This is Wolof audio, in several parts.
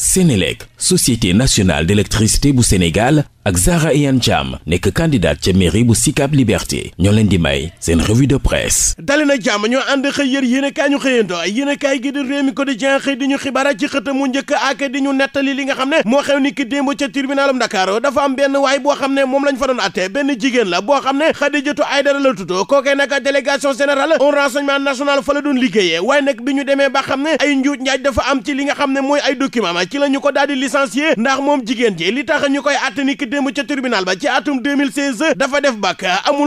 Sénélec société nationale d'électricité bu Sénégal ak Zahra Iyane Thiam nekk candidate ca mairie bu Sicap Liberté ñoo leen di may seen revue de presse dali na jàmm ñoo ànd xëy yër yéenekaay ñu xëyandoo yéenekaay gi di Rewmi Quotidien xëy di ñu xibaara ci xëta mu njëkk ak di ñu nettali li nga xam ne moo xew ni ki démb ca tribunalum Dakar dafa am benn waay boo xam ne moom lañ a doon atte benn jigéen la boo xam ne Khadijatou Aïdara la tuddoo kookee nag délégation générale au renseignement national demee ba xam ne ay njuuj njaaj dafa am ci li nga xam ne mooy ay document ma ci la ñu ko daal di licencier ndax moom jigéen ji li démb ca tribunal ba ci amul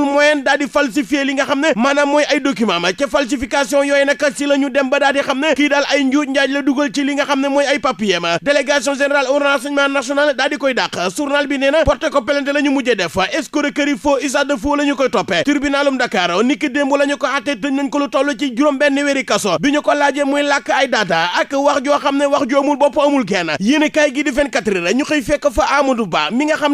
moyen daal di nga xam ne maanaam mooy ay document ma ca falsification yooyu nag si la dem ba daal xam ne kii ay njuuj njaaj la dugal ci li nga xam ne mooy ay papier ma délégation générale au renseignement national daal koy dàq journal bi nee na porté ko plainte la ñu mujjee def escroquerie faux usage de faux la ñu koy toppee tribunalum niki démb la ñu ko àttee tëj nañ ci juróom benn wéeri kaso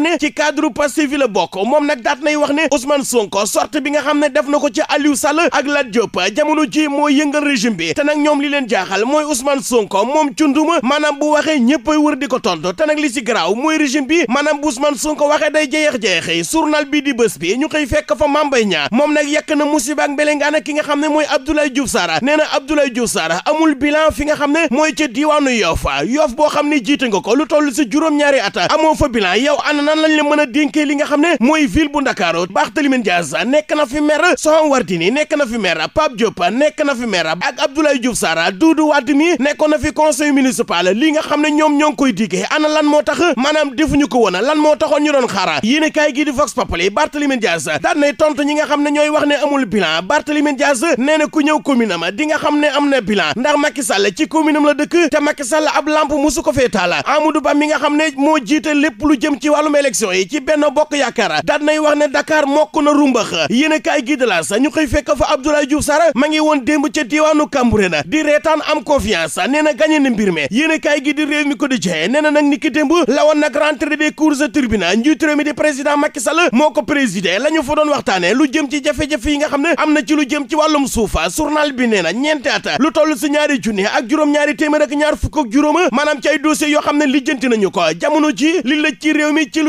xam ne ci cadre Pastef la bokk moom nag daat nay wax ne Ousmane Sonko sorte bi nga xam ne def na ko ci Aliou Sall ak Lat Diop jamono ji mooy yëngal régime bi te nag ñoom li leen jaaxal mooy Ousmane Sonko moom cunduma maanaam bu waxee ñëppay wër di ko tontu te nag li si garaaw mooy régime bi maanaam bu Ousmane Sonko waxee day jeex-jeexi journal bi di bés bi ñu koy fekk fa Mambay Niang moom nag yàq na musiba ak mbelengaana ki nga xam ne mooy Abdoulaye Diouf Sarr nee na Abdoulaye Diouf Sarr amul bilan fi nga xam ne mooy ca diiwaanu Yoff Yoff boo xam ne jiite nga ko lu toll si juróom-ñaari at amoo yow ana nan lañ leen mën a dénkee li nga xam ne mooy ville bu Ndakaaru Barthélémy Dias nekk na fi maire Soham Wardini nekk na fi maire Pape Diop nekk na fi maire ak Abdoulaye Diouf Sarr Doudou Wade mi nekkoon na fi conseil municipal li nga xam ne ñoom ñoo ngi koy diggee ana lan moo tax maanaam defuñu ko woon lan moo taxoon ñu doon xaara yéen kaay gii di Vox Populi Barthélémy Dias tontu ñi nga xam ne ñooy wax ne amul bilan Barthélémy Dias nee na élection yi ci benn bokk yaakaar daan nay wax ne Dakar mokk na rumbax yéen a kaay gi de la sa ñu koy fekk fa Abdoulaye Diouf Sarr ma ngi démb ca diwaanu Cambérène na di reetaan am confiance nee na mbir mi yéen a kaay réew mi ko di jeexee nag ni ki démb la nag rentrée des cours de tribunal njiitu mi di président Macky Sall moo ko présidé la ñu fa doon waxtaanee lu jëm ci jafe-jafe yi nga xam ne am na ci lu jëm ci wàllum suufa journal bi nee na ñeenti at lu toll si ñaari junni ak juróom-ñaari téeméer ak ñaar fukk ak juróom maanaam ci ay dossiers yoo xam ne ko jamono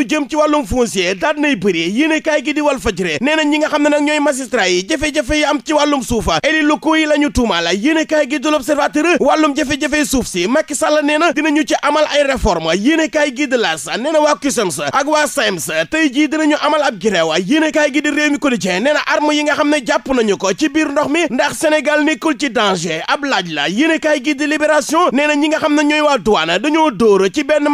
lu jëm ci wàllum foncier daal nay bëri yéen kaay gi di wal fajre nee na ñi nga xam ne nag ñooy magistrat yi jafe-jafe yi am ci wàllum suufa eli lu yi la ñu tuuma la yéen kaay gi di l'observateur suuf si Macky Sall nee na ci amal ay réforme yéen kaay gi di las nee na waa CUSEMS ak waa SAEMS tey jii dinañu amal ab grève yéen kaay gi di réew mi quotidien nee na arme nga xam ne jàpp nañu ko ci biir ndox mi ndax Sénégal nekkul ci ci benn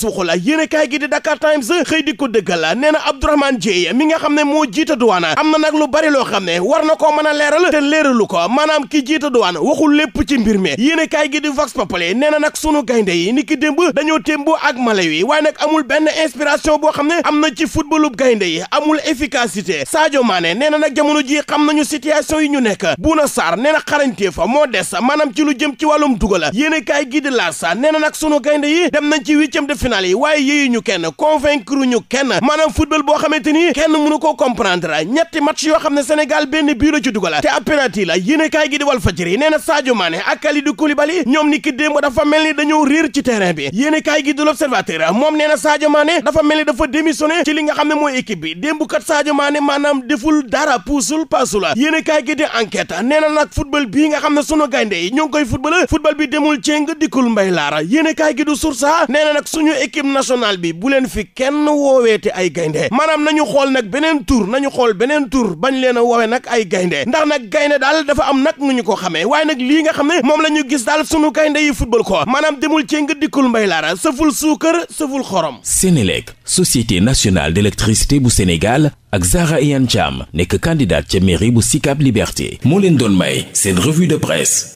suuxu la yéen a kaay gi di Dakar Times xëy di ko dëggal la nee na Abdourahmane Dieye mi nga xam ne moo jiita duwaan am na nag lu bari loo xam ne war na koo mën a leeral te leeralu ko maanaam ki jiita duwaan waxul lépp ci mbir mi yéen a kaay gi di Vox Populi nee na nag sunu gaynde yi ni ki démb dañoo témbo ak Malawi waaye nag amul benn inspiration boo xam ne am na ci footballu gaynde yi amul efficacité Sadio Mané nee na nag jamono ji xam nañu situation yi ñu nekk Bouna Sarr nee na xarañte fa moo des maanaam ci lu jëm ci wàllum dugal yéen a kaay gi di L'As nee nag sunu gaynde yi dem nañ ci huitième finale yi waaye yéyu ñu kenn convaincre ñu kenn maanaam football boo xamante ni kenn mënu koo comprendre ñetti match yoo xam ne Sénégal benn bii la ci dugal te ab la yéen a gi di Walf Fadjri nee na Sadio Mané ak Kalidou Koulibaly ñoom ni ki démb dafa mel ni dañoo réer ci terrain bi yéen a gi di L'Observateur moom nee na dafa mel ni dafa démissionné ci li nga xam ne mooy équipe bi démb kat Sadio Mané maanaam deful dara puusul paasul yéen a kaay gi di enquête nee na nag football bii nga xam ne sunu gaynde yi ñoo ngi koy football football bi demul a kaay gi du Source A équipe nationale bi bu leen fi kenn wooweete ay gaynde maanaam nañu xool nag beneen tur nañu xool beneen tur bañ leen woowe nag ay gaynde ndax nag gaynde daal dafa am nag nu ñu ko xamee waaye nag lii nga xam ne moom la ñu gis daal sunu gaynde yi football ko maanaam demul cee nga dikkul mbay laara sëful suukar sëful xorom Sénélec societé nationale d'électricité bu Sénégal ak Zahra Iyane Thiam nekk candidate ca mairie bu Sicap Liberté moo leen doon may seen revue de presse